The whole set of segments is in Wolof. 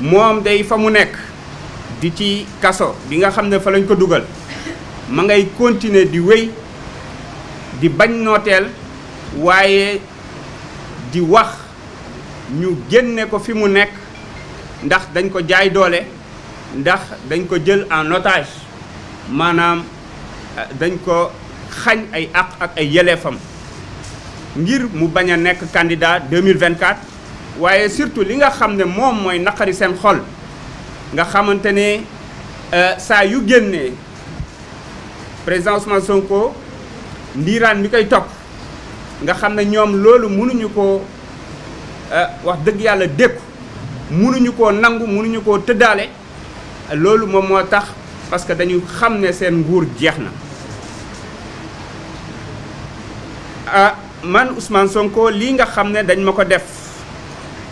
moom day fa mu nekk di ci kaso bi nga xam ne fa lañ ko dugal ma ngay continuer di wéy di bañ nooteel waaye di wax ñu génne ko fi mu nekk ndax dañ ko jaay doole ndax dañ ko jël en otage maanaam euh, dañ ko xañ ay àq ak ay yelleefam ngir mu bañ a nekk candidat 2024 waaye surtout li nga xam ne moom mooy naqari seen xol nga xamante ne euh, saa yu génnee président Ousmane Sonko ndiiraan bi koy topp nga xam ne ñoom loolu mënuñu koo euh, wax dëgg yàlla dépp mënuñu koo nangu munuñu koo tëddaale loolu moom moo tax parce que dañu xam ne seen nguur jeex na ah man Ousmane Sonko lii nga xam ne dañ ma ko def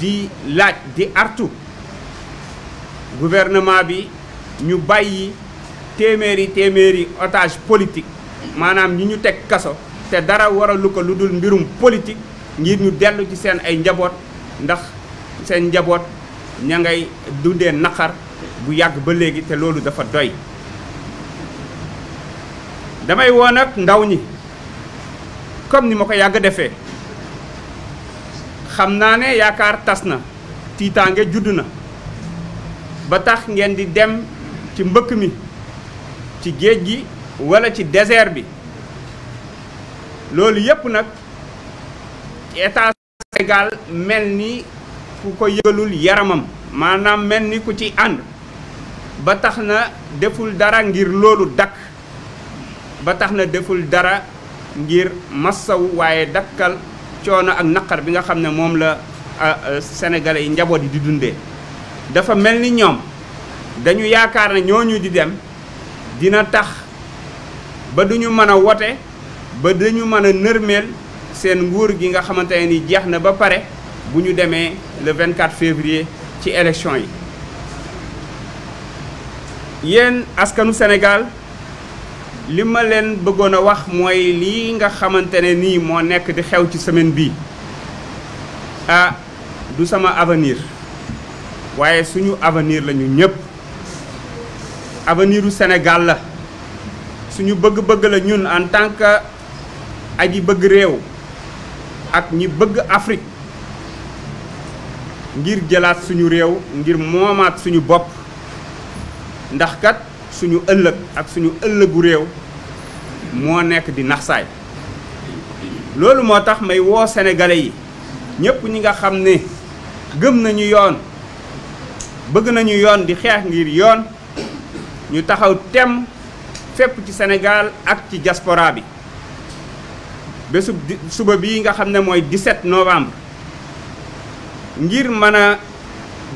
di laaj di artu gouvernement bi ñu bàyyi téeméeri téeméeri otage politique maanaam ñi ñu teg kaso te dara waralu ko lu dul mbirum politique ngir ñu dellu ci seen ay njaboot ndax seen njaboot ña ngay dundee naqar bu yàgg ba léegi te loolu dafa doy damay woo nag ndaw ñi comme ni ma ko yàgg defee xam naa ne yaakaar tas na tiitaange judd na ba tax ngeen di dem ci mbëkk mi ci géej gi wala ci désert bi loolu yépp nag état Sénégal mel ni ku ko yëgalul yaramam maanaam mel ni ku ci ànd ba tax na deful dara ngir loolu dakk ba tax na deful dara ngir massaw waaye dakkal coono ak naqar bi nga xam ne moom la ah, euh, sénégalais yi njaboot yi di dundee dafa mel ni ñoom dañu yaakaar ne ñooñu di dem dina tax ba duñu mën a wote ba dañu mën a nërmeel seen nguur gi nga xamante ne ni jeex na ba pare bu ñu demee le 24 février ci élection yi yéen askanu Sénégal li ma leen bëggoon a wax mooy lii nga xamante ne nii moo nekk di xew ci semaine bi ah du sama avenir waaye suñu avenir lañu ñu ñëpp aveniru senegaal la suñu bëgg-bëgg la ñun en tant que aji bëgg réew ak ñi bëgg Afrique ngir jëlaat suñu réew ngir moomaat suñu bopp ndax kat. suñu ëllëg ak suñu ëllëgu réew moo nekk di naxsaay loolu moo tax may woo sénégalais yi ñëpp ñi nga xam ne gëm nañu yoon bëgg nañu yoon di xeex ngir yoon ñu taxaw tem fépp ci Sénégal ak ci diaspora bi bésub suba bii nga xam ne mooy 17 novembre ngir mën a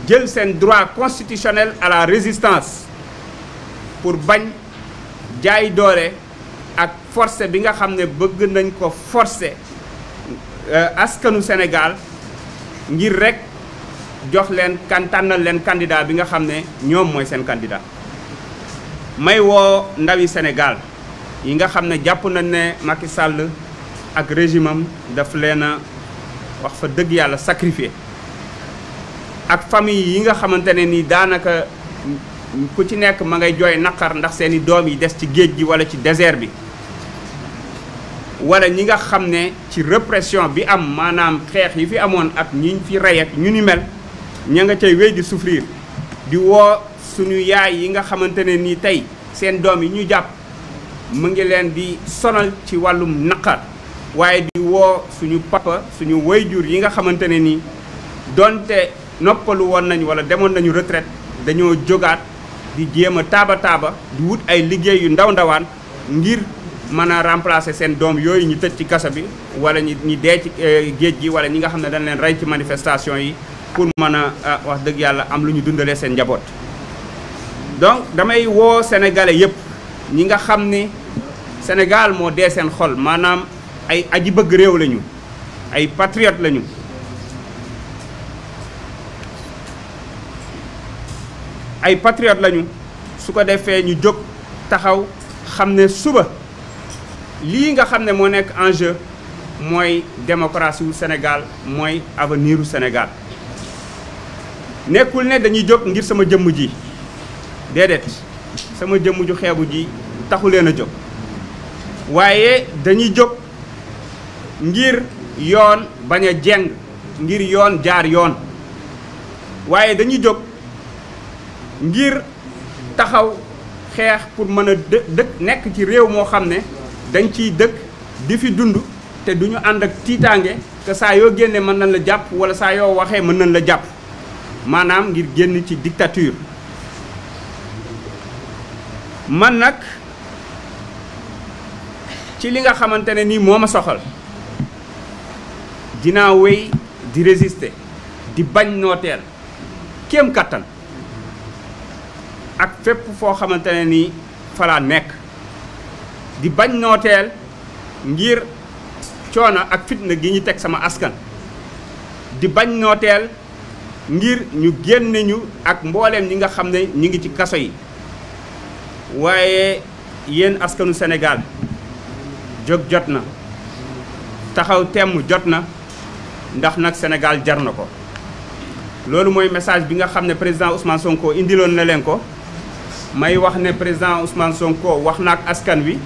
jël seen droit constitutionnel à la résistance pour bañ jaay doole ak forcé bi nga xam ne bëgg nañ ko forcé euh, askanu Sénégal ngir rek jox leen kan leen candidat bi nga xam ne ñoom mooy seen candidat may woo ndawi Sénégal yi nga xam ne jàpp nañ ne Macky sàll ak régime am leen a wax fa dëgg yàlla sacrifié ak famille yi nga xamante ne ni daanaka ku ci nekk ma ngay jooy naqar ndax seeni doom yi des ci géej gi wala ci désert bi wala ñi nga xam ne ci répression bi am maanaam xeex yi fi amoon ak ñi fi rey ak ñu ni mel ña nga cay wéy di souffrir di woo suñu yaay yi nga xamante ne nii tey seen doom yi ñu jàpp mu ngi leen di sonal ci wàllum naqar waaye di woo suñu papa suñu wayjur yi nga xamante ne nii donte noppalu woon nañu wala demoon nañu retraite dañoo jógaat di jéem a taaba taaba di wut ay liggéey yu ndaw ndawaan ngir mën a remplacer seen doom yooyu ñu tëj ci kaso bi wala ñi ñu dee ci euh, géej gi wala ñi nga xam ne dañ leen rey ci manifestation yi pour mën a euh, wax dëgg yàlla am lu ñu dundalee seen njaboot. donc damay woo sénégalais yëpp ñi nga xam ni Sénégal moo dee seen xol maanaam ay aji bëgg réew lañu ay patriote lañu. ay patriote lañu su ko defee ñu jóg taxaw xam ne suba lii nga xam ne moo nekk enjeu mooy démocratie wu Sénégal mooy avenir u Sénégal nekkul ne dañuy jóg ngir sama jëmm ji déedéet sama jëmm ju xeebu ji taxu leen a jóg waaye dañuy jóg ngir yoon bañ a jeng ngir yoon jaar yoon waaye dañuy jóg ngir taxaw xeex pour mën a dë dëkk nekk ci réew moo xam ne dañ ciy dëkk di fi dund te duñu ànd ak tiitaange que saa yoo génnee mën nañ la jàpp wala saa yoo waxee mën nañ la jàpp maanaam ngir génn ci dictature man nag ci li nga xamante ne nii moo ma soxal dinaa wéy di résister di bañ nooteel kéem kattan ak fépp foo xamante ne nii falaa nekk di bañ nooteel ngir coono ak fitna gi ñu teg sama askan di bañ nooteel ngir ñu génne ñu ak mbooleem ñi nga xam ne ñi ngi ci kaso yi waaye yéen askanu Sénégal jóg jot na taxaw temm jot na ndax nag Sénégal jar na ko loolu mooy message bi nga xam ne président Ousmane Sonko indiloon na leen ko may wax ne président Ousmane Sonko wax na askan wi.